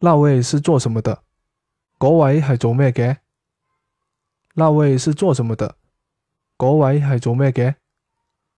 那位是做什麼的？嗰位係做咩嘅？那位是做什麼的？嗰位係做咩嘅？